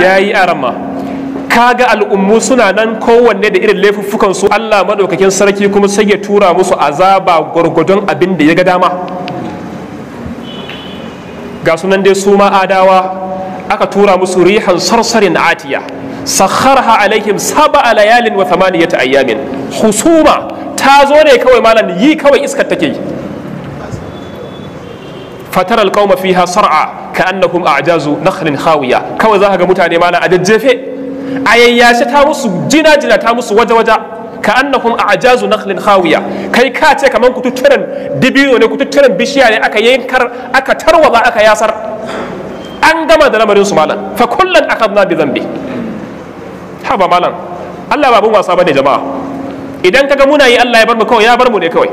ya yi arama kaga al'ummu suna nan kowanne da irin laifuffukan su Allah madaukakin sarki kuma sai ya tura musu azaba gwargwadon abin da ya ga dama ga sunan dai su ma adawa aka tura musu rihan sarsarin atiya sakharha alaihim saba layalin wa thamaniyata ayyamin husuma ta zo ne kawai malam yi kawai iskar take yi fatar alƙauma fi ha sar'a ka annahum a'jazu nakhlin khawiya kawai za ka ga mutane mana a jajjefe a yayyashe ta musu jina jina ta musu waje waje ka annahum a'jazu nakhlin khawiya kai ka ce kaman kututturen dibino ne kututturen bishiya ne aka yankar aka tarwaza aka yasar an gama da lamarin su malam fa kullun akhadna bi dhanbi haba malam Allah ba abun wasa bane jama'a idan kaga muna yi Allah ya bar mu kawai ya bar mu ne kawai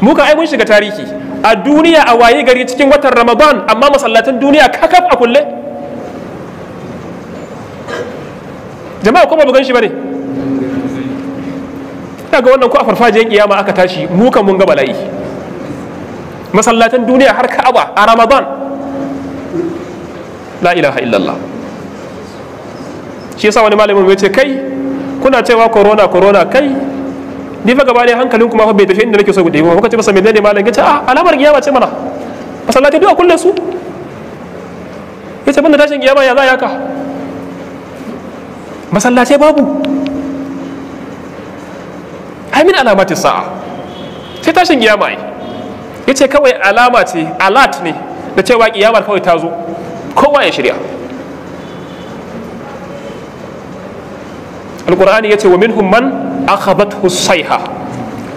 muka ai mun shiga tarihi a duniya a waye gari cikin watan ramadan amma masallatan duniya kakaf a kulle jama'a kuma bugan shi bane ina ga wannan ko a farfajiyar kiyama aka tashi mu kan mun ga bala'i masallatan duniya har ka'aba a ramadan la ilaha illallah shi yasa wani malamin ya ce kai kuna cewa corona corona kai ni fa gaba ɗaya hankalin kuma bai tafi inda nake so ku tafi kuka ce masa ne malam yace a ah, alamar giyama ce mana masallatai duk a kulle su yace banda tashin giyama ya za ya ka masallatai babu amin alamati sa'a sai tashin giyama ai yace kawai alama ce alert ne da cewa kiyamar kawai ta zo kowa ya shirya alkur'ani yace wa minhum man akhabat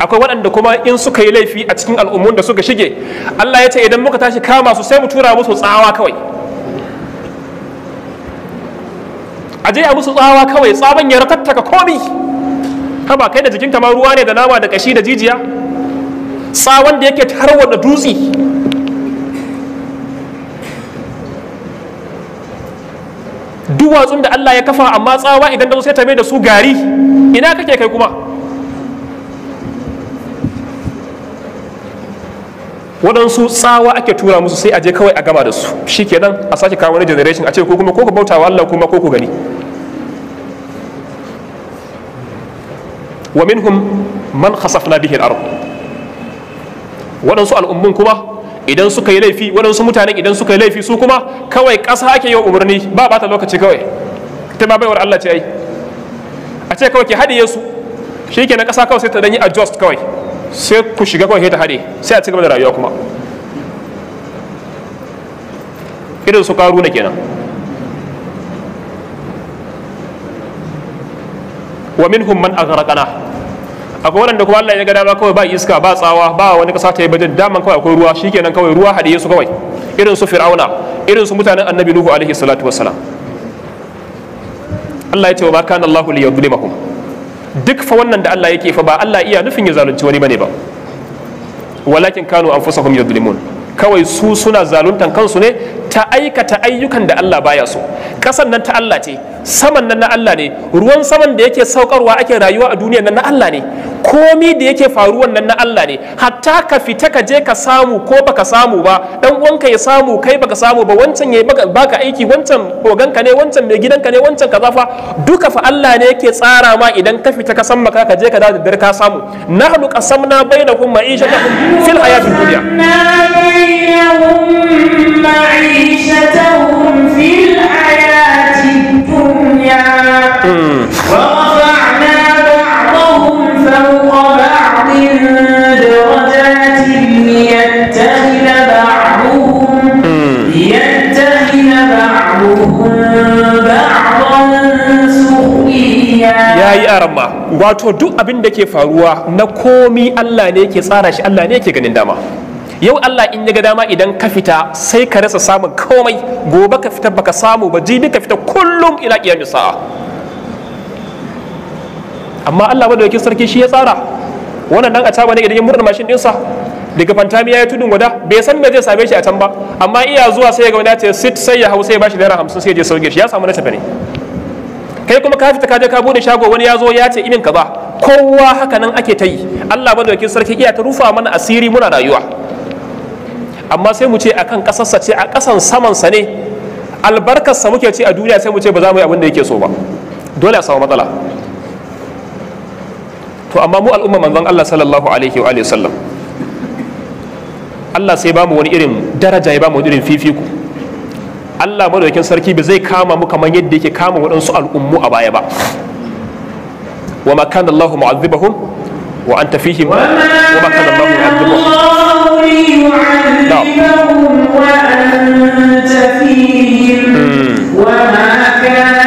akwai waɗanda kuma in suka yi laifi a cikin al'ummun da suka shige Allah ya ce idan muka tashi kama su sai mu tura musu tsawa kawai a a musu tsawa kawai tsaban ya ratattaka komi haba kai da jikin ma ruwa ne da nama da kashi da jijiya tsawon da yake tarwa da dutse duwatsun da Allah ya kafa amma tsawa idan da sai ta mai da su gari ina kake kai kuma waɗansu tsawa ake tura musu sai a je kawai a gama da su shi kenan a sake kawo wani generation a ce ko kuma ko ku bauta wa Allah kuma ko ku gani wa minhum man khasafna bihi al-ard waɗansu al'ummun kuma idan suka yi laifi waɗansu mutanen idan suka yi laifi su kuma kawai ƙasa ake yi umarni ba bata lokaci kawai ta ba baiwar Allah ce ai a ce kawai ke haɗe su shi ke na ƙasa kawai sai ta danyi adjust kawai sai ku shiga kawai ta haɗe sai a cigaba da rayuwa kuma irin su ƙaru na kenan wa min man a akwai wanda kuma Allah ya ga dama kawai ba iska ba tsawa ba wani kasa ta yi bajin daman kawai akwai ruwa shikenan kawai ruwa haɗe su kawai irin su fir'auna irin su mutanen annabi nuhu alaihi salatu wassalam Allah ya ce wa kana Allah li yudlimakum duk fa wannan da Allah yake fa ba Allah iya nufin ya zalunci wani bane ba walakin kanu anfusahum yudlimun kawai su suna zaluntan kansu ne ta aikata ayyukan da Allah baya so kasan nan ta Allah ce saman nan na Allah ne ruwan saman da yake saukarwa ake rayuwa a duniya nan na Allah ne komi da yake faruwan nan na Allah ne hatta ka fita ka je ka samu ko baka samu ba dan uwanka ya samu kai baka samu ba wancan ya baka aiki wancan oganka ne wancan mai gidanka ne wancan kaza fa duka fa Allah ne yake tsara ma idan ka fita ka san maka ka je ka da dare ka samu nahnu qasamna bainakum ma'ishatakum fil hayatid dunya ma'ishatakum fil hayatid wato duk abin da ke faruwa na komi Allah ne ke tsara shi Allah ne ke ganin dama yau Allah in ya ga dama idan ka fita sai ka rasa samun komai gobe ka fita baka samu ba jini ka fita kullum ila iya sa'a amma Allah madaukakin sarki shi ya tsara wannan dan acaba ne idan ya murna mashin dinsa daga fantami ya yi tudun guda bai san me zai same shi a can ba amma iya zuwa sai ya ga wani ce sit sai ya hau sai ya bashi naira hamsin sai ya je sauke shi ya samu na tafi ne kai kuma ka fita ka je ka bude shago wani ya zo ya ce imin kaza kowa haka nan ake ta yi Allah madaukakin sarki iya ta rufa mana asiri muna rayuwa amma sai mu ce akan kasarsa ce a kasan saman sa ne albarkarsa muke ci a duniya sai mu ce ba za mu yi abin da yake so ba dole a samu matsala to amma mu al'umma manzon Allah sallallahu alaihi wa alihi sallam Allah sai ba mu wani irin daraja ya ba mu wani irin fifiku Allah madaukakin sarki ba zai kama mu kamar yadda yake kama waɗansu al'ummu a baya ba wa ma kana Allahu mu'azzibahum wa anta fihim wa ma kana Allahu mu'azzibahum wa anta fihim hmm. wa ma kana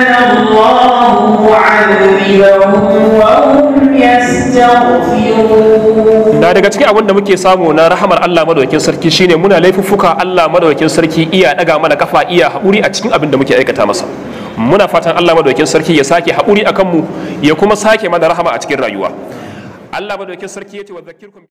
daga cikin abin da muke samu na rahamar Allah madaukakin sarki shine muna laifuffuka Allah madaukakin sarki iya daga mana kafa iya haƙuri a cikin abin da muke aikata masa muna fatan Allah madaukakin sarki ya sake haƙuri akan mu ya kuma sake mana rahama a cikin rayuwa Allah madaukakin sarki yace wa zakirkum